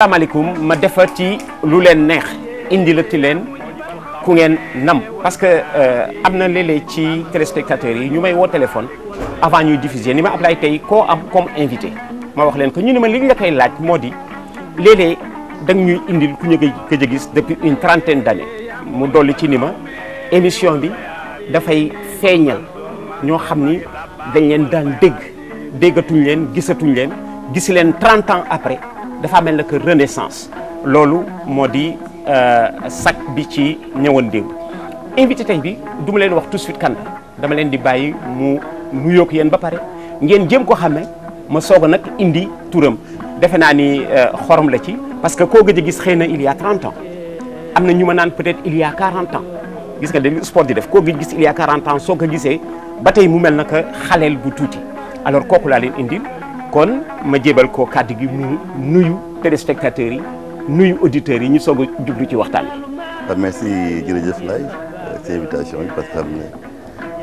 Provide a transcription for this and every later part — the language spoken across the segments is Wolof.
asalaamaaleykum ma defar ci lu leen neex indi ci leen ku ngeen nam parce que euh, am na léeg ci téléspectateurs yi ñu may woo téléphone avant ñuy diffuser ni ma Ablaye tey ko am comme invité ma wax leen que ñu ne ma li nga koy laaj moo di léeg-léeg da ñuy indil ku ñu gëj a gis depuis une trentaine d'années mu dolli ci ni ma émission bi dafay feeñal ñoo xam ni dañ leen daan dégg déggatuñ leen gisatuñ leen gis leen 30 ans après dafa mel na que renaissance loolu moo di euh, sac bi ci ñëwoon démb invité tey bi duma leen wax tout suite kan la dama leen di bàyyi mu nuyoo ko yéen ba pare ngeen jéem ko xamee ma soog a nag indi turam defe naa ni euh, xorom la ci parce que koo gëj gis xëy na il y a 30 am na ñu ma naan peut-être il y a 40 gis nga dañuy sport di def koo gëj gis il y a 40 soo ko gisee ba tey mu mel na que xaleel bu tuuti alors kooku laa leen indil. kon ma jébal ko kàddu gi mu nuyu téléspectateurs yi nuyu auditeurs yi ñu soog a jublu ci waxtaan bi. merci jërëjëf lay ci invitation bi parce que xam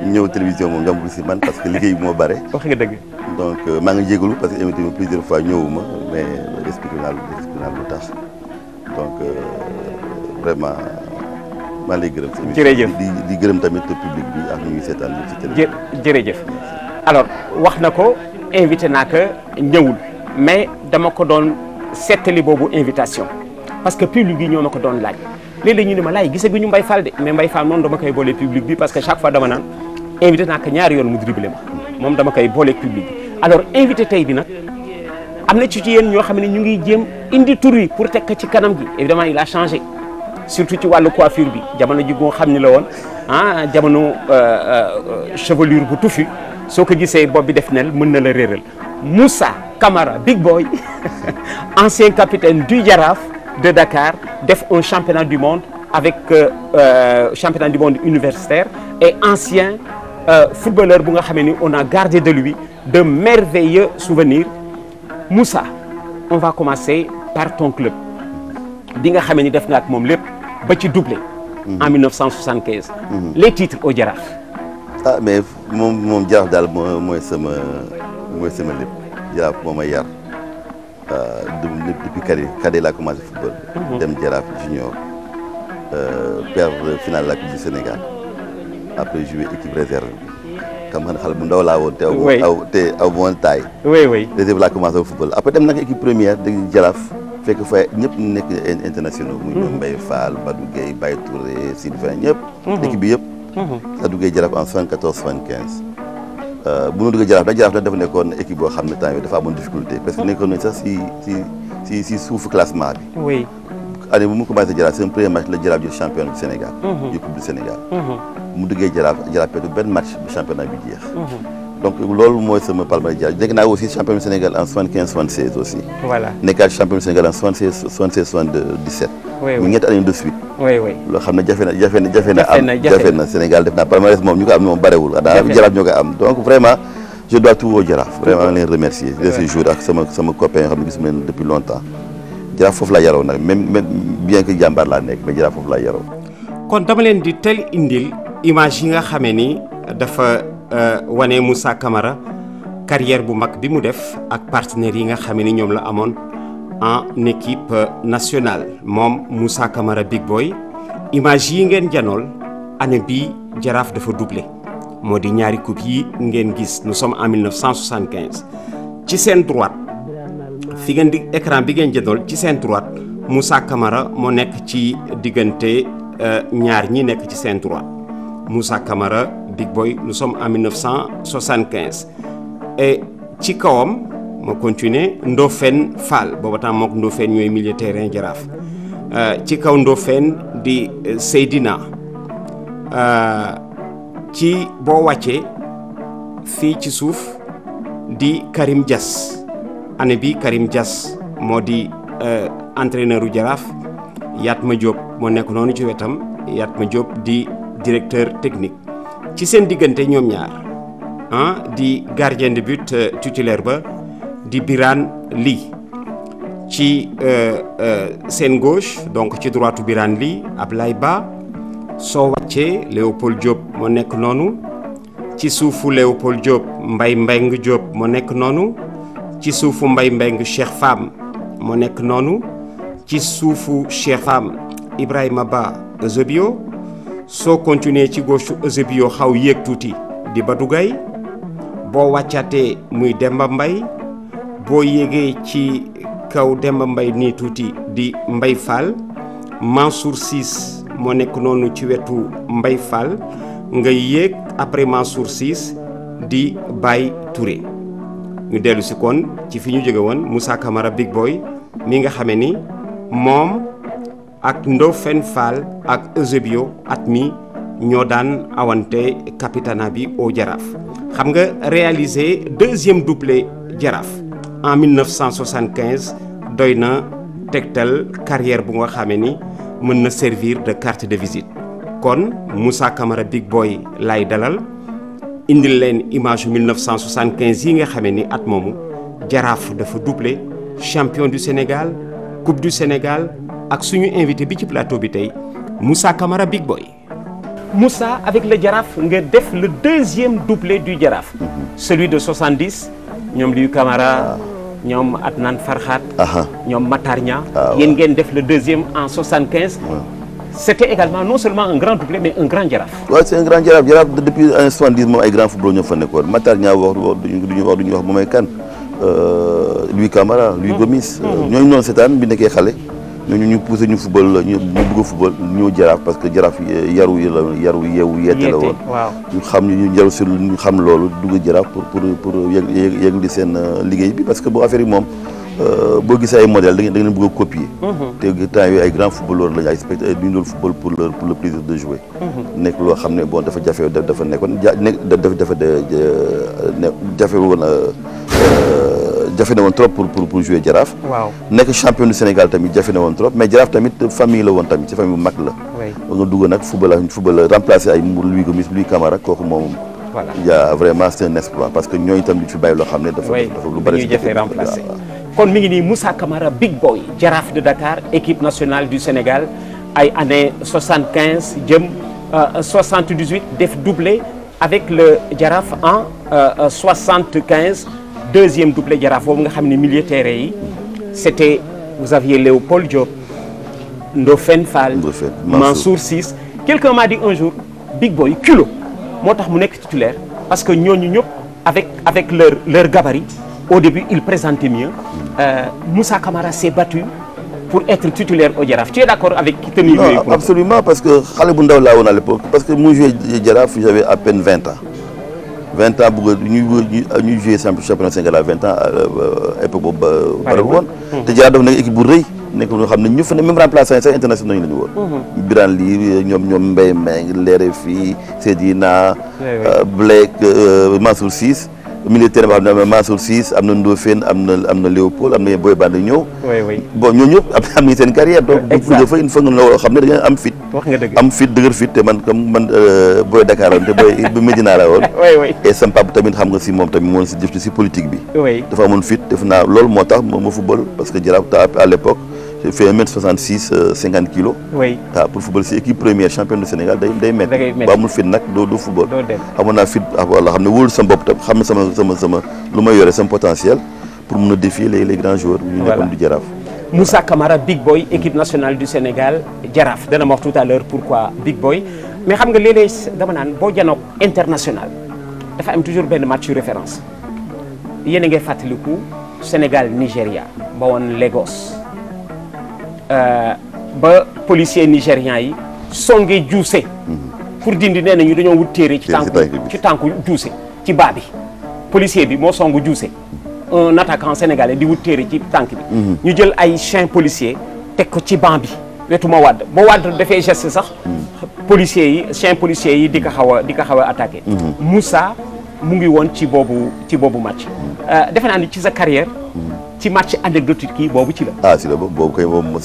ñëw télévision moom yombul si man parce que liggéey moo bare. wax nga dëgg. donc euh, maa ngi jégalu parce que invité ma plusieurs fois ñëwuma mais expliqué naa expliqué naa lu tax donc euh, vraiment maa lay gërëm. jërëjëf di di gërëm tamit public bi ak ñu ngi seetaan ci télé. jërëjëf alors wax na ko. invité naa ko mais dama ko doon settali boobu invitation parce que public bi ñoo ma ko doon laaj léeg-léeg ñu ne ma laaj gisaguñu Mbaye Fall de mais Mbaye Fall moom dama koy boole public bi parce que chaque fois dama naan invité naa ko ñaari yoon mu dribblé ma moom dama koy boole public bi alors invité tey bi nag am na ci ci yéen ñoo xam ne ñu ngi jéem indi tur yi pour teg ko ci kanam gi évidemment il a changé surtout ci wàllu coiffure bi jamono ji goo xam ni la woon ah jamono euh, euh, euh, chevelure bu tufi soo ko gisee bopp bi def nel mën na la réeral Moussa Camara big boy ancien capitaine du Jaraaf de Dakar def un championnat du monde avec euh, euh, championnat du monde universitaire et ancien euh, footballeur bu nga xamee ni on a gardé de lui de merveilleux souvenirs Moussa on va commencer par ton club bi nga xamee ni def nga ak moom lépp ba ci doublé. Mm-hmm. en 1975. Mm mm-hmm. au Jaraaf. Ah, moom moom jaraaf daal moo mooy sama mooy sama lépp jaraaf moo ma yar euh, depuis cadet cadet laa commencé football. Mhm. dem jaraaf junior euh, perdre finale la Coupe du Sénégal après jouer équipe réserve bi xam nga xale ndaw laa woon. te aw te aw woon taay. oui oui football après dem nag équipe première de jaraaf. fekk fa ñëpp nekk internationaux. muy ñoom mhm. Mbaye Fall Badou Gueye Baye Touré Sylvain mhm. équipe bi yëpp. Mhm. saa duggee jaraaf en 74 75. Euh, bu ñu duggee jaraaf da jaraaf dafa nekkoon équipe boo xam ne temps yii dafa amoon difficulté parce que mhm. nekkoon nañ sax si si si si suufu classement bi. oui année mu commencé jaraaf seen premier match la jaraaf jël champion du Sénégal. du mhm. coupe du Sénégal. mu duggee jaraaf jaraaf peetu benn match bu championnat bi jeex. donc loolu mooy sama palmarès jaraaf nekk naa aussi champion du Sénégal en 75 76 aussi. voilà mu ñetti année de suite loo xam ne jafe na jafe na jafe na am jafe na Sénégal def naa palmarès moom ñu ko am moom barewul xanaa jaraaf ñoo ko am donc vraiment je dois tout au jaraaf vraiment remercier de ce jour ak sama sama copain yoo xam ne gisuma leen foofu la yaroo nag même même bien que jàmbaar laa nekk mais jaraaf foofu laa yaroo kon dama leen di tel indil image yi nga xamee ni dafa euh, wane Moussa Camara carrière bu mag bi mu def ak partenaires yi nga xamee ni ñoom la amoon en équipe nationale moom Moussa kamara Big Boy image yi ngeen janool année bi jaraaf dafa doublé moo di ñaari coupe yi ngeen gis nous sommes en 1975 ci seen droite fi ngeen di écran bi ngeen jëndool ci seen droite Moussa Camara moo nekk ci diggante euh, ñaar ñi nekk ci seen droite Moussa Camara Big Boy nous sommes en 1975 ci kawam. ma continuer Ndofène Fall booba temps mook Ndofène ñooy milieu jaraaf euh, ci kaw Ndofène di euh, Seydina euh, ci boo wàccee fii ci suuf di Karim Dias année bi Karim jas moo di entraîneur u yaat ma Diop moo nekk noonu ci wetam ma Diop di directeur technique ci seen diggante ñoom ñaar ah, di gardien de but titulaire ba di Birane Ly ci euh, euh, seen gauche donc ci droitu Birane Ly Ablaye Ba soo wàccee Léopold Diop moo nekk noonu ci suufu Léopold Diop Mbaye Mbengue Diop moo nekk noonu ci suufu Mbaye Mbengue Cheikh Fam moo nekk noonu ci suufu Cheikh Fam Ibrahima Ba Eusebio soo continuer ci gauche Eusebio xaw yéeg tuuti di Badou Gaye boo wàccaatee muy Demba mbay boo yégee ci kaw Demba Mbaye nii tuuti di Mbaye Fall Mansour Ciss moo nekk noonu ci wetu mbay Fall nga yéeg après Mansour Ciss di Baye Touré ñu dellu si kon ci fi ñu jóge woon Moussa Camara Big booy mi nga xame ni moom ak Ndofène Fall ak Eusebio at mi ñoo daan awante capitana bi au Jaraaf xam nga réalisé deuxième doublé Jaraaf en 1975 doy na tegtal carrière bu nga xamee ni mën na servir de carte de visite kon Moussa Camara Big Boy lay dalal indil leen image 1975 yi nga xamee ni at moomu jaraaf dafa doublé champion du Sénégal coupe du Sénégal ak suñu invité bi ci plateau bi tey musa Camara Big Boy Moussa avec le Jaraaf nga def le deuxième doublé du Jaraaf mhm. celui de 70 ñoom Liu Camara ñoom Adnan Farhat. ñoom Matar ña ah, yéen ngeen def le deuxième en 75. c'était également non seulement un grand doublé mais un grand jaraaf. waaw c'est un grand jaraaf jaraaf depuis année 70 moom ay grand footballeur ñoo fa nekkoon Matar Nia wax duñu wax kan euh, Louis Camara. Louis mm. Gomis. Mm. ñooñu noonu seetaan bi xale. ñooñu ñu poussé ñu football la ñu bëgg a football ñoo parce que jaraaf eh, yaru yi la yaru yeewu yeete la woon ñu xam ñu ñu jaru si ñu xam loolu dugg jaraaf pour pour pour yëg yëg li seen euh, liggéey parce que boo affaire yi moom euh, boo gisee ay modèle da ngeen da ngeen bëgg a copier. Mhm. te temps yooyu ay grand footballeur lañu ay spectateur du doon football pour le pour le plaisir de jouer. Mhm. nekk loo xam ne bon dafa jafe dafa nekkoon ja nekk dafa dafa euh, jafe woon. jafe na woon trop pour pour Jaraaf. waaw nekk champion du Sénégal tamit jafe na woon trop mais Jaraaf tamit famille la woon tamit ci famille bu mag la. oui nga dugg nag football la football la remplacé ay Louis Gomis Louis Camara kooku moom. voilà vraiment c'est un exploit parce que ñooñu tam li fi bàyyi loo xam ne. dafa dafa lu bari remplacé kon mi ngi nii Moussa Camara big boy Jaraaf de Dakar équipe nationale du Sénégal ay année 75 jëm 78 euh, def doublé avec le Jaraaf en 75. Euh, euh, deuxième doublé Jaraaf boobu nga xam ne milieu terrain yi c'était vous aviez Léopold Diop Ndofène Fall Mansour Ciss quelqu'un m'a dit un jour Big Boy culot moo tax mu nekk titulaire parce que ñooñu ñëpp avec avec leur leur gabarit au début ils présentaient mieux mm. euh, Moussa Camara s'est battu pour être titulaire au Jaraaf tu es d'accord avec qui tenir non absolument parce que xale bu ndaw laa woon l'époque parce que mu joué Jaraaf j'avais à peine ans vingt ans bëgg ñuy ñuy ah, joué championnat Sénégal à vingt ans euh, euh, époque boobu pare woon hmm. te Jaraaf dafa nekk équipe bu nekk ñoo xam ne ñu fa ne même remplaçant sax internationaux nañu la ñu woon hmm. Birane Ly ñoom fii Mbaye di na Fi Seydina Blake euh, milieu terrain boo xam ne am na Mansour Cisse am na Ndofène am na am na Léopold am na Boy Band ñëw. bon ñooñu ñëpp am am nañu seen carrière. donc il faut nga loo xam ne da am fit. am fit dëgër fit te man comme man euh, booy Dakar woon te la woon. et sam papa tamit xam nga si moom tamit moo si jëf si politique bi. dafa amoon fit def naa loolu moo tax ma football parce que Jaraaf à l'époque j'ai fait 1m66 50 euh, kilos waaw pour football si équipe première championne du Sénégal day day métti ba amul fit nag doo football ah, xam ne wóolu sa bopp tam xam ne sama sama sama lu ma yore sama potentiel pour mun a défier les les grands joueurs ñu nekkoon du Jaraaf Moussa Camara Big Boy équipe nationale du Sénégal Jaraaf dana ma wax tout à l'heure pourquoi Big Boy mais xam nga léeg-léeg dama naan boo janook international dafa am toujours benn match référence yéen a ngay fàttaliku Sénégal Nigéria ba woon Euh, ba policier nigérian yi songee juuse pour dindi nee nañu dañoo wut téere ci tànku ci tànku juuse ci baa bi policier bi moo songu juuse un attaquant sénégalais di wut téere ci tànk bi ñu jël ay chien policier teg ko ci banc bi wetu ma wàdd ma wàdd dafay geste sax policiers yi chien policiers yi di ko xaw a di ko xaw a attaqué Moussa mu ngi woon ci boobu ci boobu match euh, defe naa ni ci sa carrière ci match anecdotique yi boobu ci la. ah si la boobu kay moom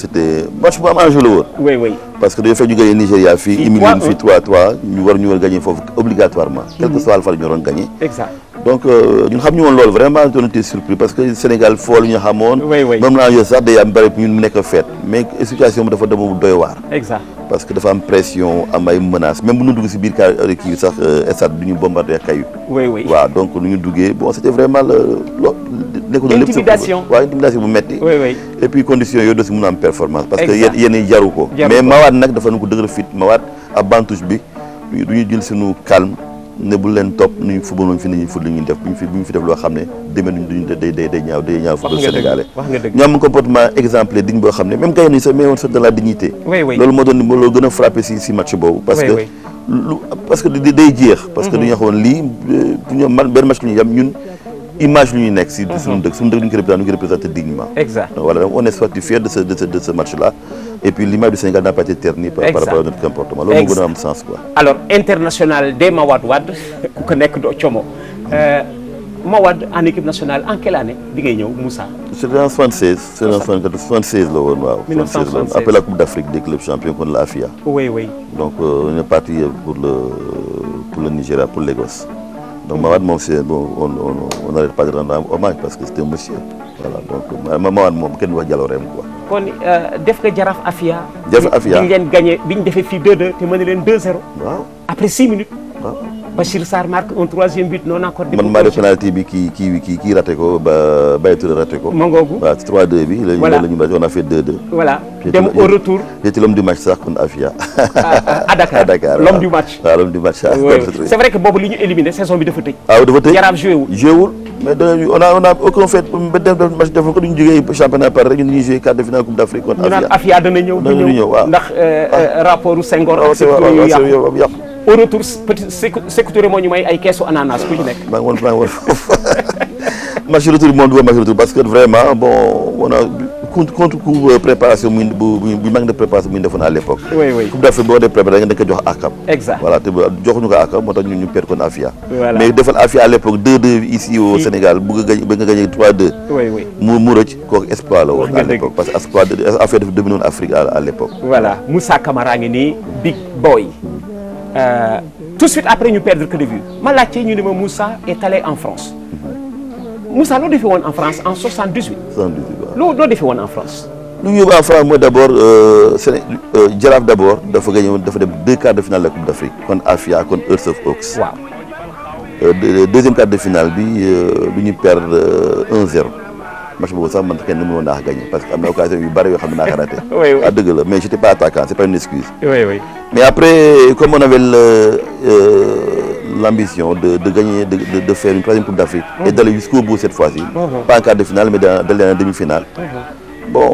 match bu am enjeu la woon. parce que dañoo fekk ñu gagné Nigéria fii. fii 3 1 fii ñu war ñu war gagné foofu obligatoirement. Mmh. quel que soit ñu waroon gagné. exact donc euh, ñun xam ñu woon loolu vraiment doon été surpris parce que Sénégal fool ñu xamoon. oui oui moom laa sax day am bëri ñun mu nekk feet mais situation dafa demoo doy waar. parce que dafa am pression am ay menaces même bu nu nekkul lépp intimidation waaw metti et condition yooyu doo si mën a am performance parce que yéen yi jaru ko mais mawaat nag dafa nu ko dëgër fit mawaat ab bantouche bi du ñu jël suñu calme ne leen topp nu ñu fubaloon fi nañu fut li ñuy def bu ñu fi def loo xam ne demee nuñ duñu day ñaaw football sénégalais ñoo comportement exemplaire digne boo xam ne même gars yi sax mais woon la dignité loolu moo doon loolu gën a frappé si match boobu parce que lu day jeex image lu ñuy nekk si mhm. suñu dëkk suñu dëkk lu ñu ko exact on est de ce match là et l'image du Sénégal n'a pas été par rapport à notre comportement loolu moo gën a am sens quoi alors international de Mawade Wade ku ko nekk doo como euh, Mawade en équipe nationale en année bi ngay ñëw Moussa. c'était en 76. la woon après la Coupe d'Afrique des clubs champions contre la AFIA. oui oui. donc euh, on est pour le Nigeria pour Lagos. Donc Mamad, bon, on n'arrête pas de rendre hommage parce que c'était un monsieur. Voilà, donc Mamad, mom, quel doit dialoguer quoi. kon euh, def nga Jaraaf Afia. Jaraaf Afia bi ñu bi ñu defee fii 2-2 te mën na leen 2-0. waaw après 6 minutes. Bachir Sarr marque un troisième but non encore. man maa bi kii kii ko ba Baye Touré raté ko. Mangoogu waaw ci 3 bi. la ñu la ñu on a fait 2-2. dem au retour. j'étais l'homme du match sax kon Afia. à Dakar du match. waaw l'homme du ah, c'est vrai que boobu li ñu éliminé saison bi dafa tëj. waaw ah, dafa tëj Yaraab joué wul. joué wul mais dañu on a on a aucun fait ba dem def match de finale coupe d'Afrique kon. Afia ñu au retour petit Sékou Touré moo ñu may ay keesu ananas ku ci nekk. maa ngi woon maa ngi woon foofu match retour moom du ko match retour parce que vraiment bon on a contre coup euh, préparation bu bu bu manque de préparation bu ñu defoon à l' époque. oui oui coupe d' Afrique boo dee préparation da nga ko jox akam. exact voilà te joxuñu ko akam moo tax ñu ñu perte kon Afia. voilà mais defal Afia à l' époque 2-2 ici au Sénégal bëgg nga gañ bëgg nga gañ 3-2. oui oui mu mu rëcc kooku exploit la woon. à l' époque parce que exploit Afia dafa dominoon Afrique à à l' époque. voilà Moussa Camara ngi nii big boy. Euh, tout de suite après ñu perdre que de vue ma laajte ñu ne ma Moussa est allé en France mhm. Moussa loo defee woon en France en 78. 78 waaw loo loo defee woon en France. lu ñu yóbbu en France mooy d' abord euh, Séné euh, Jaraaf d' abord dafa gagné dafa dem deux quarts de finale de la Coupe d' Afrique kon Afia kon Hearts of Oak. waaw euh, deuxième quart de finale bi lu ñu perdre 1 match boobu sax man kenn ni mënoon naax gagné parce que am na occasion yu bari yoo xam ne naa ko raté ah dëgg la mais j'étais pas attaquant c'est pas une excuse oui oui mais après comme on avait le euh, l'ambition de de gagner de de de faire une troisième coupe d'Afrique mhm. et d'aller jusqu'au bout cette fois-ci mhm. pas en quart de finale mais d'aller en demi-finale mhm. bon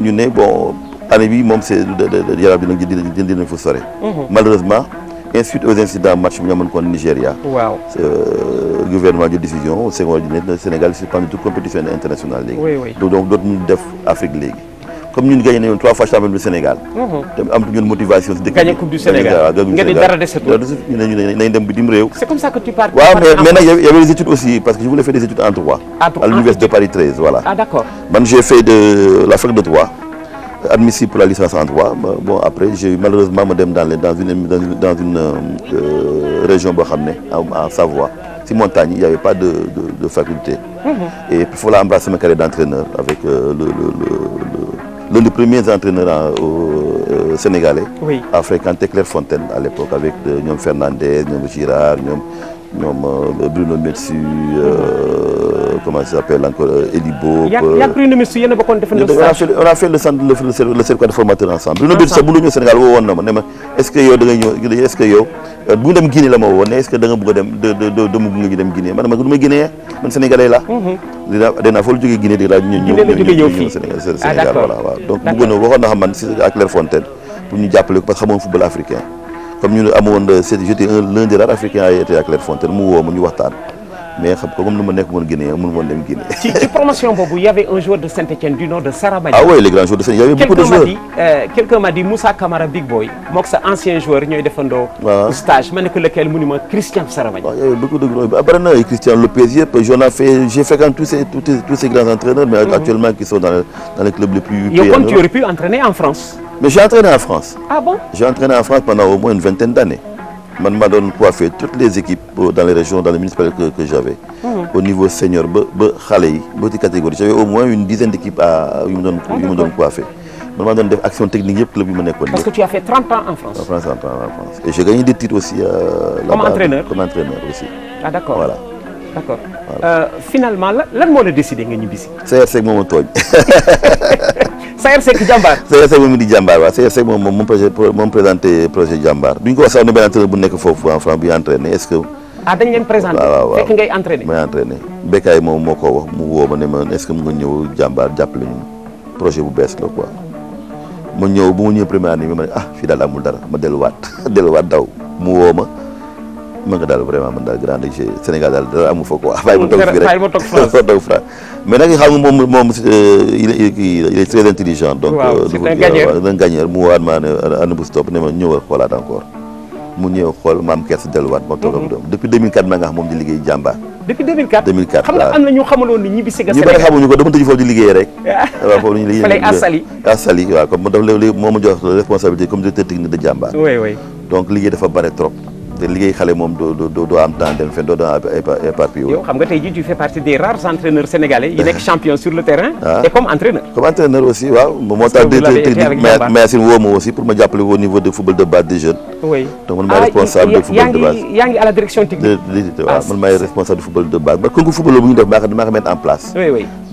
ñu ne bon année bi moom c'est Jaraaf dina dina dina fa sore malheureusement suite aux incidents match bi ñu amoon contre Nigéria. waaw euh, gouvernement jël décision Sénégal suspendu toute compétition internationale léegi. oui oui donc dootuñu def Afrique léegi. comme ñun gagné nañu trois fois champion du mhm. si dëkk bi gagné coupe du Sénégal nga ni dara desetul ñu ne ñu nañ dem bitim y avait des études aussi parce je voulais faire des études en droit. à l'université de Paris 13 voilà. Ah, de la de droit. admissible pour la licence en droit bon après j'ai eu malheureusement ma dans une euh, région boo xam ne en Savoie si montagne il y avait pas de de, de faculté. Mmh. et il faut la ma carrière d'entraîneur avec euh, l'un des premiers entraîneurs euh, sénégalais. oui à fréquenter à l'époque avec euh, ñoom Fernandez ñoom Girard ñoom Bruno Metsu. comment ça s'appelle encore euh, Elibo. Euh, on a fait le centre le le certificat formateur ensemble. ensemble bi ñu sax bu ñu ñëw Sénégal woo woon ne ma est ce que yow da ñëw est ce que yow euh, bu dem Guinée la ma woo ne est ce que du ma Guinée man Sénégalais la. Mhm. dinaa dinaa foofu jógee Guinée di laaj ñu ñëw Sénégal ah, voilà waaw donc bëggoon na waxoon na xam man si à Clairefontaine pour ñu jàppale parce que xamoon football africain comme ñu amoon j'étais l'un des rares africains à mais xam ko comme ni ma nekk woon Guinée mënu woon dem Guinée. ci ci promotion boobu y avait un joueur de Saint-Étienne du nom de Saramadi. ah oui les grands joueurs de Saint-Étienne y avait beaucoup de joueurs. quelqu'un m'a dit euh, quelqu'un m'a dit Moussa Camara Big Boy mook sa ancien joueur ñooy defandoo. waaw stage ma ne ko lequel mu ni ma Christian Saramadi. waaw y avait beaucoup de grands après na Christian Lopez yëpp j'en ai fait j'ai fréquenté tous ces tous ces tous ces grands entraîneurs. mais mhm. actuellement qui sont dans les dans les clubs les plus. yow kon tu aurais pu entraîner en France. mais j'ai entraîné en France. ah bon j'ai entraîné en France pendant au moins une vingtaine d'années man maa doon coiffé toutes les équipes euh, dans les régions dans les municipalités que, que j'avais mmh. au niveau senior ba ba xale yi ba ci catégorie j'avais au moins une dizaine d'équipes à yu ma doon yu ma doon man maa doon en France en France 30 ans en France et aussi euh, là-bas comme aussi ah d' accord euh, finalement lan moo la décidé nga ñibbisi. Sayer Seck moom a tooñ. Sayer Seck jàmbaar. Sayer Seck moom di jàmbaar waaw Sayer Seck moom moom moom présenté projet jàmbaar duñ ko wax sax ne benn entraîneur bu nekk foofu en France bi entraîné est ce que. ah dañ leen présenté fekk moom moo ko wax mu woo ne ma est ce mu nga ñëw jàmbaar jàppale ñu projet bu bees la quoi ma ñëw bu ma ñëw première année bi ma ne ah fii daal amul dara ma delluwaat delluwaat daw mu woo mën nga daal vraiment man daal Sénégal daal dara amu fa quoi. bàyyi ma toog fii rek bàyyi ma France mais nag moom moom euh, il est très intelligent. donc euh, mu ñëwal xoolaat encore. mu ñëw xool maam kersi delluwaat ma mhm. depuis 2004 nga moom di liggéey jàmbaar depuis 2004 2004 xam nga am na ñu xamaloon ñu bëri xamuñu ko dama tëju foofu di liggéey rek ah, waaw foofu ñu liggéey asali asali waaw comme daf léegi moo ma jox responsabilité comme directeur technique de jàmbaar oui te liggéey xale moom doo doo doo am temps dem fenn doo doo am éparpillé yow xam nga tey jii tu fais partie des rares entraîneurs sénégalais yi nekk champion sur le terrain ah. et comme entraîneur comme entraîneur aussi waaw moo tax directeur technique Mayacine woo ma aussi pour ma jàppale au niveau de football de base des jeunes oui donc man ah, responsable de football de base yaa ngi à la direction ah, de football de base ba en place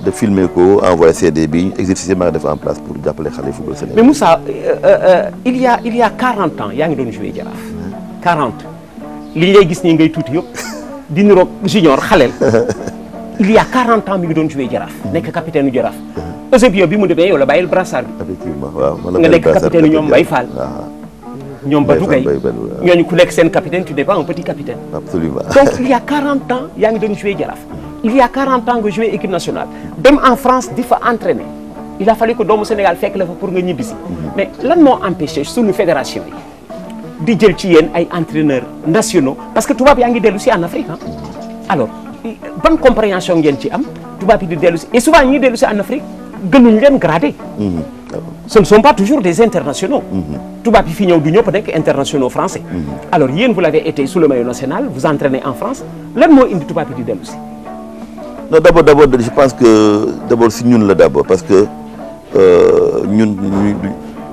de filmer ko envoyé CD bi exercice maa ngi def en place pour jàppale xale football sénégalais euh, euh, euh, a il a 40 ans yaa ngi doon joué li ngay gis nii ngay tuuti yëpp di niroog junior xaleel il y a 40 ans mi ngi doon joué jaraaf. nekk capitaine u jaraaf. Eusebio bi mu demee yow la bàyyil brassard bi. nga nekk capitaine ñoom Mbaye Fall. ñoom Badou Gueye ñooñu ku nekk seen capitaine tu n'es pas un petit capitaine. donc il y ans yaa ngi doon joué jaraaf. il y a 40 ans nga joué équipe nationale. dem en France di fa entraîner. il a fallu que doomu Sénégal fekk la fa pour nga ñibbisi. Mhm. mais lan moo empêché suñu fédération yi. di jël ci yéen ay entraîneurs nationaux parce que tubaab yaa ngi dellu si en Afrique ah alors ban compréhension ngeen ci am tubaab yi di dellu si et souvent ñi dellu si en Afrique gënuñ leen gradé. Mm-hmm. ce ne sont pas toujours des internationaux. Mm-hmm. tubaab yi fi ñëw du ñëpp nekk internationaux français. Mm-hmm. alors yéen vous l'avez été sous le maillot national vous entraînez en France lan moo indi tubaab yi dellu si. non d' abord d' abord je que d' si ñun la d' abord parce que euh, ñun ñu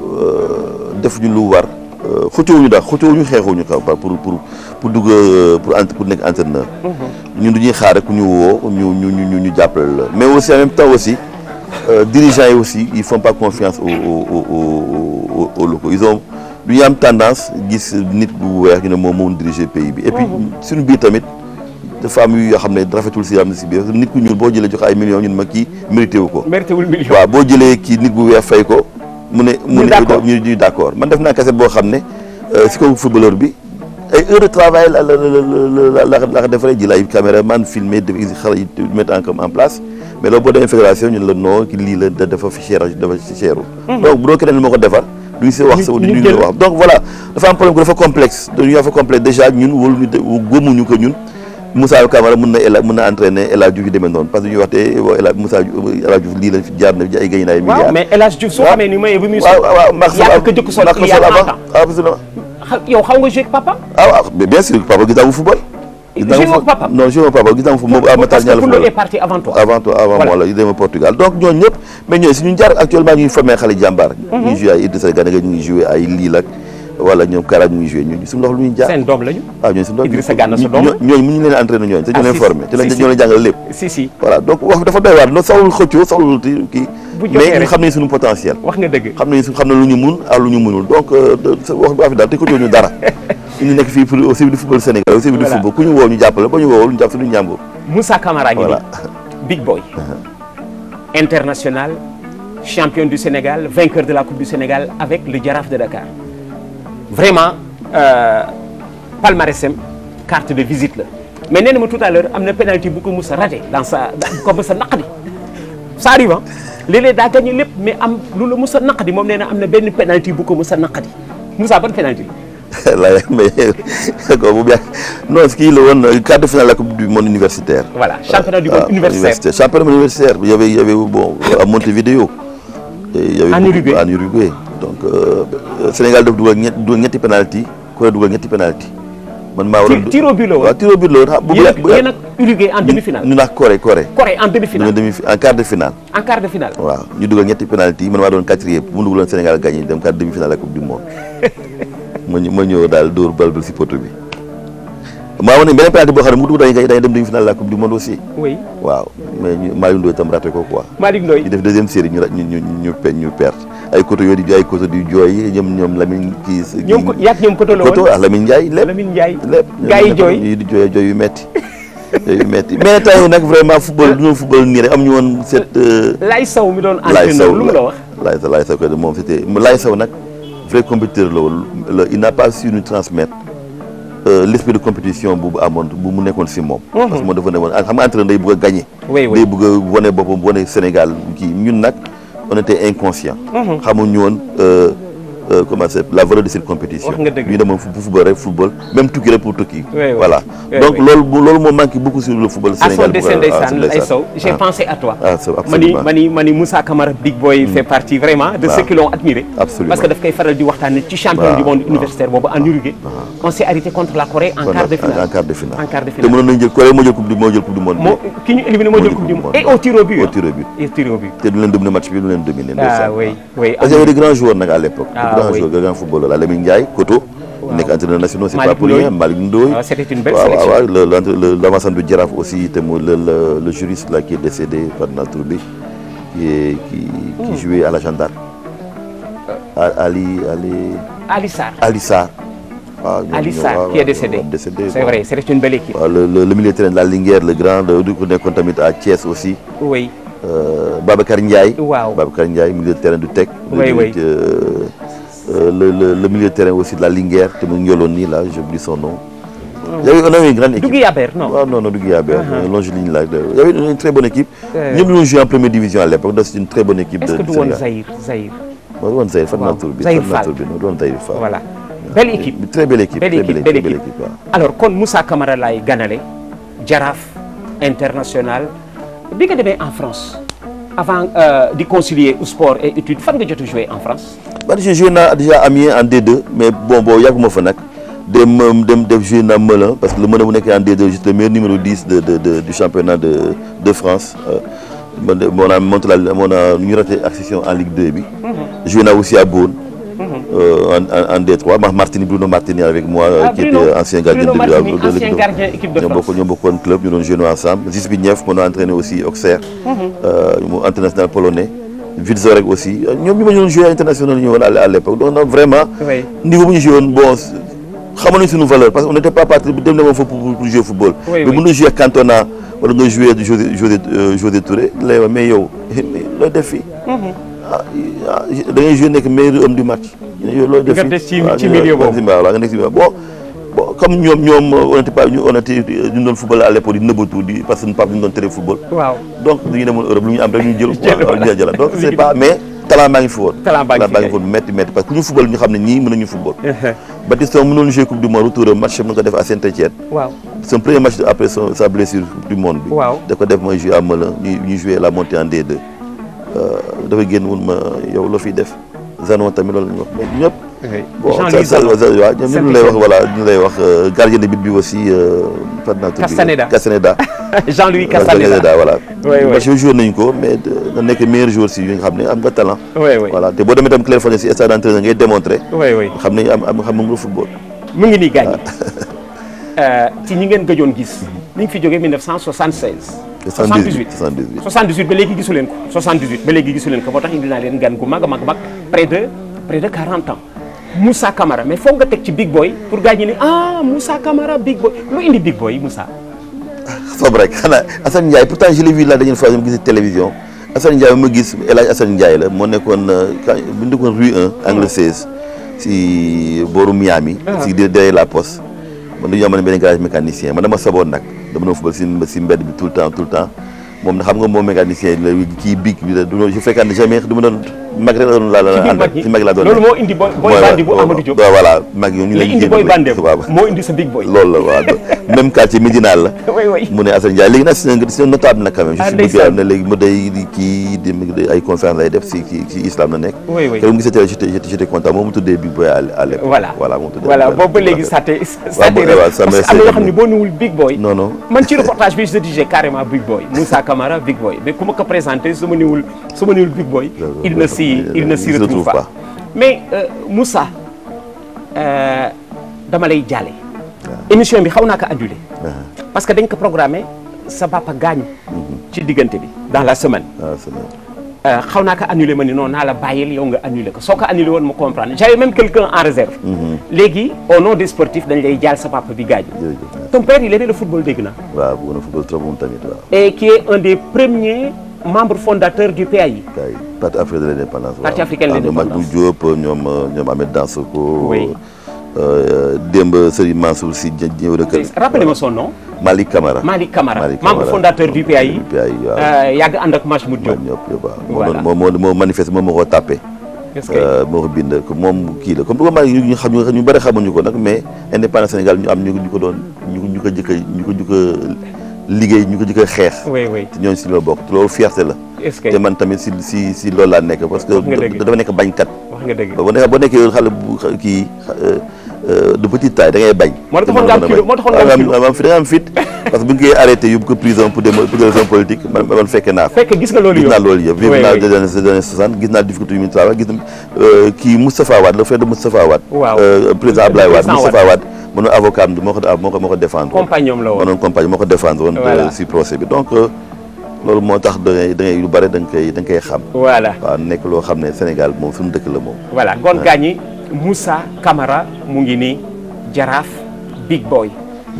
euh, def ñu lu war. Euh, xëccoowuñu daal xëccoowuñu xeexuñu kaw par pour pour pour dugg euh, pour pour nekk entraîneur. Mhm. ñun du ñuy xaar rek ñu woo ñu ñu ñu ñu jàppale la mais aussi en même temps aussi euh, dirigeants yi aussi ils font pas confiance au au au au locaux am tendance gis nit bu weex ñu ne moom moo diriger pays bi. et puis mhm. suñu biir tamit dafa am yoo xam ne rafetul si am na si biir nit ku ñuul boo jëlee jox ay millions ñun ma kii mérité ko. mérité million waaw boo jëlee kii nit bu weex fay ko. mu ne mu ne ñu d' accord man def naa cassette boo xam ne si euh, kaw footballeur bi ay heure de travail la la la la la ko defaree ji la ay caméraman filmé def xale yi mettre en en place mais loolu boo demee fédération ñun la noo lii la dafa fi cher dafa cherul. Mhm. donc bu doo keneen moo ko defar. duñ si wax sa duñ la wax donc voilà dafa am problème que dafa complexe dañu dafa complexe déjà ñun wóolu ñu gëmuñu ko ñun. Moussa Camara mën na Ela mën na entraîner El Hadj Diouf yu demee noonu parce que ñuy la fi jaar na ay gëj na ay. milliards soo xamee ni may. bu muy sol yàgg ko jëkk sol il y a absolument yow xaw nga joué papa. ah bien sûr papa gis naa mu football. Eh, gis naa papa non joué papa gis naa mu football. Ah, parce que Koundé est parti avant toi. avant toi avant moi la yu Portugal donc ñooñu ñëpp mais ñooy suñu jaar actuellement ñuy formé xale jàmbaar. Mhm. ñu ngi joué ay Idrissa Gana wala ñoom Karaaj mu ngi joué ñun suñu loxo lu ñuy jaar seen doom lañu waaw ah, ñooñu suñu doom Idrissa Gana sa doom ñooñu mu ñu leen entraîné ñooñu te ñoo ah, leen formé te lañ ñoo leen jàngal lépp si si voilà donc wax dafa doy waar loolu soxlul xëccoo soxlul kii mais ñu xam nañ suñu potentiel wax nga dëgg xam nañ suñu xam na lu ñu mun ak lu ñu munul donc euh, wax bu afi daal te xëccoo ñu dara ñu nekk fii pour au service du football Sénégal au service du football ku ñu woow ñu jàppale ba ñu woowul ñu jàpp suñu njàmbur Moussa Camara ngi big boy international champion du Sénégal vainqueur de la Coupe du Sénégal avec le Jaraaf de Dakar vraiment euh, palmarèsam carte de visite la mais nee na ma tout à l'heure am na pénalité bu ko mus a raté sa bu ko mus a naqadi ça arrive ah léeg-léeg daa gagné lépp mais am lu la mus a naqadi moom nee na am na benn pénalité bu ko mus a naqadi Moussa ban pénalité la. lay mais ko bu bien non kii la woon quart de finale la coupe du monde universitaire. voilà championnat du monde ah, universitaire championnat universitaire y avait y avait bon à Montevideo. y avait en Uruguay en donc euh, euh, Sénégal daf dugal ñett dugal ñetti penalti Corée dugal ñetti penalti man maa war a. tiro bi la woon waaw tiro bi la woon. yéen ak Uruguay en ñu naan Corée Corée. en demi finale en quart de finale. waaw ñu dugal ñetti penalti man maa doon quatrième bu mu Sénégal gagné dem quart demi finale la du monde ma ñëw ma daal dóor bal bi bi. maa woon nañ beneen penalty boo xam ne mu dugg dañuy du monde tam raté ko quoi. Malick Ndoye ñu def deuxième série ñu ñu ñu ñu ñu perte ay Koto yooyu di ay Koto di jooy ñoom ñoom Lamine ñoom la woon Koto ah Lamine Ndiaye lépp Lamine Ndiaye. lépp gars yi jooy di jooy jooy yu metti yooyu mais tey nag vraiment football du ñu football am ñu woon cette. Laye Sow mi doon entraîneur lu mu la wax Laye Sow Laye Sow kay moom c'était Laye Sow nag vrai compétiteur la woon il n'a pas su nu transmettre Euh, l'esprit de compétition bu amoon bu mu nekkoon si moom. Mhm. parce que moom dafa ne woon ah, xam nga entraîneur day bëgg a gagné. day bëgg a wane boppam wane Sénégal kii ñun nag on était inconscient. Mhm. xamuñu woon. Euh, Euh, comment la valeur de cette compétition ñu football rek football même pour tukki donc loolu moo manqué beaucoup sur le football Sénégal à son décès ndeysaan ah. à toi ah, mani Moussa Camara Big Boy hmm. fait partie vraiment de ceux ah. qui l'ont parce que daf koy faral di waxtaane ci champion du monde universitaire boobu en Uruguay on s'est arrêté contre la Corée en quart de finale te mënoon nañu jël Corée moo jël coupe du moo monde ki ñu éliminé moo jël coupe monde et au tir ah, un oui. joueur grand footballeur Lamine Ndiaye Koto. waaw nekk entraîneur national c'est pas pour rien Malick Ndoye. waaw ah, c'était une belle sélection waaw waaw le le l'avancement du Jaraaf aussi te mu le le le juriste là qui est décédé par notre tour bi qui est qui qui hmm. jouait à la gendarme. Euh, Ali Ali. Ali Sarr Ali Sarr. Ah, waaw Ali Sarr qui est décédé c'est vrai c'est une belle équipe. waaw le le milieu de terrain de la Linguère le grand du ko nekkoon tamit à Thiès aussi. oui. Euh, Babacar Ndiaye. waaw Babacar Ndiaye milieu de terrain du Tech. oui oui euh, le, le, le, de terrain aussi de la li Temungioloni, là, j'oublie son nom. Il y avait, on avait une ah, non Non, non, Dougui Yaber, uh équipe. Nous, nous jouions en première division à l'époque, donc c'est une très bonne équipe. Est-ce que tu Zahir Zahir Douane Zahir, Fatma Tourbi. Zahir Fall. Douane Zahir Fall. Voilà. Belle équipe. Très belle équipe. Belle équipe. Alors, quand Moussa Kamara Laye, Ganalé, Djaraf, international, bien que en France, avant euh, de concilier sport et études, fan que tu joué en France man je joué naa déjà Amiens en D2 mais bon boobu yàgg ma fa nag dem dem def joué naa Melun parce que le Melun bu nekkee en D2 juste le meilleur numéro 10 de de de du championnat de de France euh, man de maanaam monté la maanaam ñu raté accession en Ligue 2 bi. Mhm. joué naa aussi à Beaune. Mhm. Euh, en an D3 ma Martini Bruno Martini avec moi. Euh, ah Bruno ancien gardien de équipe de France ñoo bokk ñoo bokkoon club ñu doon joué ensemble Zizbigniew mën na entraîné aussi Auxerre. Mhm. mu international polonais. Vitesse rek aussi ñoom ñu ma ñu doon joué international ñu woon à l'époque donc vraiment. niveau bu bon xamoon nañ suñu valeur parce que on n'était pas parti dem na woon foofu pour jouer football. oui oui mais mënuñ joué Cantona wala nga joué José José euh, José Touré lay wax mais yow eh, looy def fii. Mhm. Ah, ah da ngay joué nekk meilleur homme du match. yow looy def fii nga des ci ah, milieu boobu waaw nga bon. bon comme ñoom ñoom on était pas on était ñu doon football à l'époque di nëbbatu di parce que suñu papa ñu doon tere football. waaw donc dañuy demoon Europe lu ñu am rek ñu jël. jël jël donc c'est pas mais. talent baa ngi fi woon. talent baa ngi fi woon métti métti parce que ku ñu football ñu xam ne ñii mën nañu football. Uh-huh. Batista mënoon jouer coupe du monde retour match mën ko def à Saint-Étienne. waaw match après son sa blessure coupe du monde bi. waaw da ko def mooy jouer à Melun ñuy ñuy jouer d euh, ñëpp. Eh, Jean waaw ñoom lay wax voilà ñu lay wax euh, gardien de but bi aussi. Euh, Castaneda Castaneda. Jean-Louis Castaneda voilà. match yooyu joué nañu ko mais euh, nga nekk meilleur joueur si yi nga xam ne am nga talent. voilà te boo demee tam Clairefontaine si stade d'entraîneur ngay démontré. xam nañu am am xam nga football. mu ngi nii gaañ. ci ñi ngeen gëjoon gis. ni ngi fi jógee ba léegi gisu leen ko. 78 ba léegi gisu leen ko moo tax indi leen gan gu mag a mag mag près de près de 40 ans. Moussa Camara mais foog nga teg ci big boy pour gars ñi ne ah big boy lu indi big boy Moussa. foofu rek xanaa Assane Ndiaye pourtant je l'ai vu la dernière fois ñu gis télévision Assane Ndiaye ma gis El Hadj Assane la moo nekkoon bu ñu nekkoon rue 1 angle 16 si booru Miami. si ah. derrière la poste. man dañoo amoon benn garage mécanicien man dama saboon nag dama doon fubal si si mbedd bi tout le temps tout le temps. moom xam nga moom mécanicien la kii big bi la je fréquente jamais du ma doon mag rek la la ànd ci mag laa doon loolu moo indi boy bandi bu Amadou Diop voilà mag ñu li indi boy bandi waaw moo indi sa big boy loolu la waaw même quartier Médina la mu ne si ah, islam la nekk keroog mu gisatee j'étais j'étais content moom mu big boy à l'époque voilà voilà moom tuddee voilà boobu ba léegi sàtte sàtte rek am na yoo xam ne big boy Camara Big Boy mais ku ma ko présenté su ma wul su ma niwul Big Boy il ne s'y il ne s'y retrouve pas mais euh, Moussa euh, dama lay jaale émission bi xaw na ko annulé parce que dañ ko programmé sa papa gaañu mhm. ci diggante bi dans la semaine Euh, xaw naa ko annulé ma ni non naa la bàyyil yow nga annulé ko soo ko annulé woon ma comprendre j'avais même quelqu'un en réserve. Mhm. léegi au nom des sportifs dañ lay jaal sa papa bi gaañu. jërëjëf ton père il aimait football dégg na. waaw football trop moom tamit waaw. et qui un des premiers membres fondateurs du PAI. parti africain de l' indépendance. parti africain de ah, l' indépendance waaw Mamadou euh, ñoom euh, ñoom Ahmed Dansoko. Euh, démb Serigne Mansour si ñëw na kër. rappelez ma son nom. Malick Camara Malick Camara membre fondateur du PAI. Euh, yàgg ànd ak Majmout Diop. voilà moom moo moo manifeste moom moo ko tàppe. Euh, moo ko bind moom kii la comme du ko Malick ñu xam ñu bëri xamuñu ko nag mais indépendance Sénégal ñu am ñu ko doon ñu ñu ko jëkk ñu ko jëkk liggéey ñu ko jëkk xeex. oui oui te ñooñu si la bokk loolu fierté la. te man tamit si si si loolu laa nekk parce que. dafa nekk bañkat. wax nga dëgg boo nekkee boo nekkee xale bu kii. Euh, de petite taille da ngay bañ. moo am fit parce que bu ñu koy arrêté ko prison pour des pour des man fekke naa ko. gis nga loolu yëpp yëpp. naa des années des gis naa difficulté yu muy travail gis na euh, kii de Moustapha Wade. waaw euh, président Ablaye Wade Moustapha Wade. ma ne avocat ah, moo ko moo ko compagnon moo ko défendre woon. si procès bi donc. loolu moo tax da ngay lu bare da nga xam. waaw nekk loo xam ne Sénégal moom suñu dëkk Moussa Camara mu ngi ni jaraaf big boy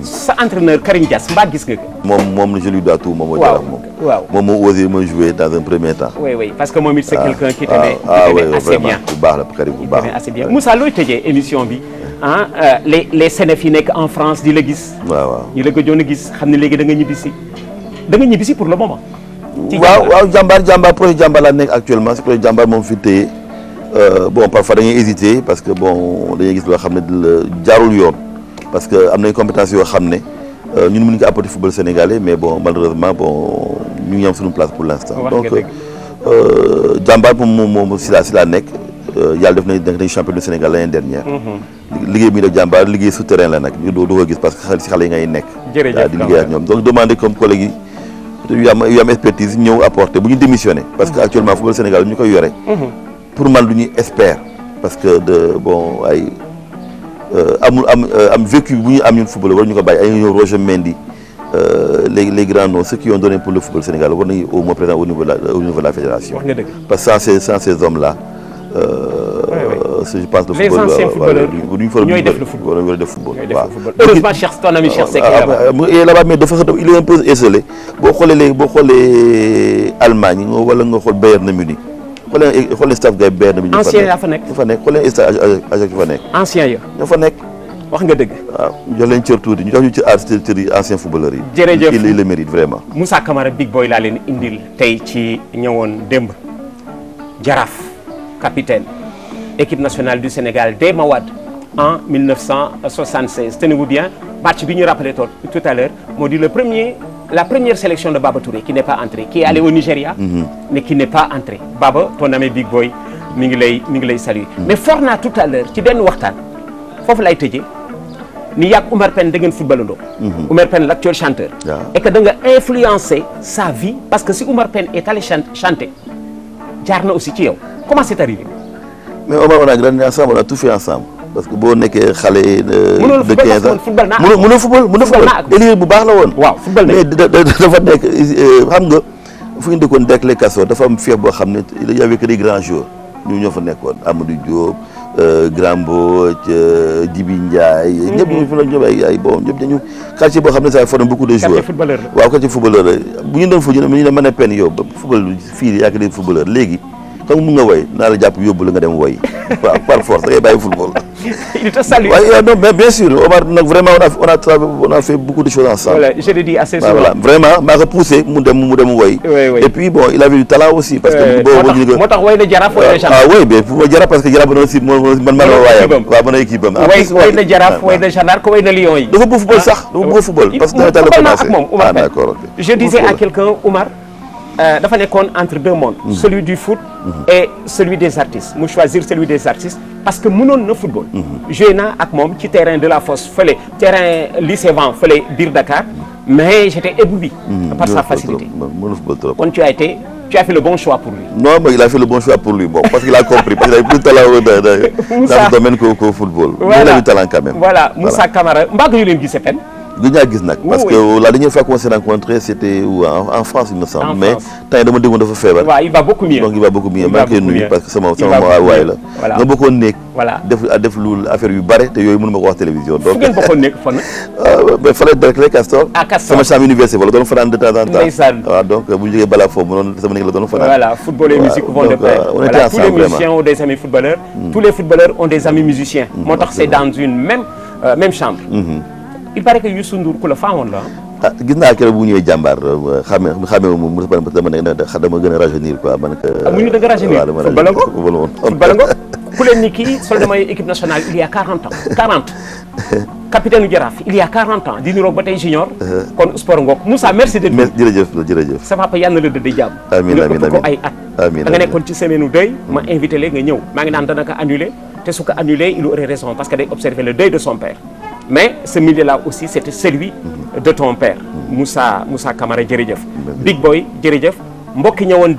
sa entraîneur Karim Dias mbaa gis nga ko. moom moom la je lui dois tout moo jaraaf moom. waaw moom moo osé ma jouer dans un premier temps. oui oui parce que moom it c'est ah, quelqu'un qui t'aimait ah, ah, assez bien bu baax la Karim bu baax assez bien émission bi le euh, les les Sénéf nekk en France di la gis. waaw waaw ñu la gëjoon a gis xam ne léegi danga nga ñibbisi da nga ñibbisi pour le moment. ci jàmbaar waaw waaw jàmbaar projet jàmbaar laa nekk actuellement si projet jàmbaar moom fi téye. Euh, bon parfois dañuy hésiter parce que bon dañuy gis loo xam ne jaarul yoon parce que am nañ compétence yoo xam ne euh, ñun mënuñ ko apporter football sénégalais mais bon malheureusement bon ñu ngi am suñu place pour l' instant. donc euh, jàmbaar moom moom si la si la l' année dernière. Mhm. liggéey bi ñu def jàmbaar liggéey souterrain la nag ñu doo ko parce que xale si xale yi ngay ñu koy yore. Mhm. pour man lu ñuy espère parce que de bon euh, am euh, am vécu bu ñu am ñun football war ñu ko bàyyi ay ñoom Roger Mendy euh, les les grands noms ceux qui ont donné pour le football Sénégal war nañu au moins présent au niveau de la fédération. parce que sans ces sans ces hommes je pense le football les anciens footballeurs def le football ñooy def football waaw. heureusement Cheikh ton ami Cheikh Seck ah, ah, ah, là-bas mais dafa xëy il Allemagne wala nga xool Bayern Munich xoolee xoolee staff gay benn fa nekk ancien yaa fa nekk. ñu fa nekk xoolee fa nekk. ancien ya ñoo fa nekk. wax nga dëgg. waaw jox leen cër tuuti ñu jox ñu ci artiste cër yi ancien footballeur yi. jërëjëf il le mérite vraiment. Moussa Camara big boy laa leen indil tey ci ñëwoon démb jaraaf capitaine équipe nationale du Sénégal Demba Wade en 1976 tenez-vous bien match bi ñu rappelé tout à l'heure moo di le premier. la première sélection de Baba Touré qui n'est pas entré qui est allé au Nigeria mhm. mais qui n'est pas entré Baba ton ami Big Boy mi ngi lay mi ngi lay saluer mhm. mais for naa tout à l'heure ci benn waxtaan foofu lay tëjee ni yàgg Oumar Pène da ngeen footballandoo mhm. Oumar Pène l'actuel chanteur yeah. et que da nga influencer sa vie parce que si Oumar Pène est allé chanter jaar na aussi ci yow comment ta arrivé mais Omar on a grandi ensemble on a tout fait ensemble parce que boo nekkee xale euh, de 15 ans mënoo mënoo football mënoo football délire bu baax la woon waaw football mais dafa nekk euh, xam nga fu ñu dëkkoon Derklé Kasso dafa am fief boo xam ne il y avait que des ñu ñoo fa nekkoon Amadou Diop euh, Grand Mbodj Djibi Ndiaye mm-hmm. ñëpp ñu fi la ñëpp ay ay ñëpp dañu quartier boo xam ne ça forme beaucoup de joueurs waaw quartier footballeur fii yaak léegi xam nga mun nga woy naa la jàpp yóbbu la nga dem woy waaw par force da bàyyi football il te salue. Ouais, non, mais bien sûr, Omar, nag vraiment on a on a travaillé, on a fait beaucoup de choses ensemble. Voilà, je l'ai dit assez souvent. Voilà, vraiment maa ko poussé mu dem mu dem woy. Et puis bon, il avait du talent aussi parce que euh, boo moo tax woy na jaraaf woy na gendarme. Ah, ah oui, mais pour jaraaf parce que jaraaf na aussi man man la waayam. Waaw mën na équipe am. Woy na jaraaf, woy na gendarme, ko woy na Lion yi. Dafa bëgg football ah, sax, dafa bëgg football parce que dama tàll commencé. Ah d'accord. Je disais à quelqu'un Omar Euh, dafa nekkoon entre deux mondes. Mhm. celui du foot. Mhm. et celui des artistes mu choisir celui des artistes parce que mënoon na football. Mhm. joué ak moom ci terrain de la fosse fële terrain lycée vent fële biir Dakar mais j'étais ébloui par sa facilité kon tu as été tu as fait le bon choix pour lui. non mais il a fait le bon choix pour lui bon parce qu'il a compris parce qu'il a plus de talent dans dans le domaine qu'au football. Moussa Camara gëj a gis nag. parce que la dernière fois qu'on s'est rencontré c'était euh, en France il me semble. mais temps dama déggoon dafa feebar. waaw il va beaucoup mieux donc il va beaucoup mieux. maa ngi koy nuyu parce que sama la. voilà nga bokkoon nekk. voilà def def lu yu bare te yooyu mënu ma ko wax télévision. donc fu ngeen bokkoon nekk fan. ba ah, fële direct rek Castor. ah Castor sama chambre université de temps en temps. ndeysaan waaw donc bu ñu jógee balaa foofu noonu sama nekk la de euh, pair. on était ensemble vraiment tous les musiciens ont des amis footballeurs. Mm. tous les footballeurs ont des amis musiciens. Mm, moo tax c'est dans une même euh, même il paraît que Youssou Ndour ku la faamoon la ah gis naa keroog bu ñëwee jàmbaar euh, xame xame moom mu dama ne ah, mu ñu da nga rajeunir football nga football nga ku leen ni kii sol damay équipe nationale il y a ans 40 Jaraaf il y a ans di niroog ba tey junior uh-huh. kon sport ngook Moussa merci de jërëjëf jërëjëf sa papa yàlla la dëdd jàmm amiin amiin amiin ko nekkoon ci semaine u ma mm-hmm. invité nga ñëw maa ngi naan dana ko annulé te su mais ce milieu là aussi c'était celui mm-hmm. de ton père Moussa Moussa Camara jërëjëf mm-hmm. Big Boy jërëjëf mbokki ñëwoon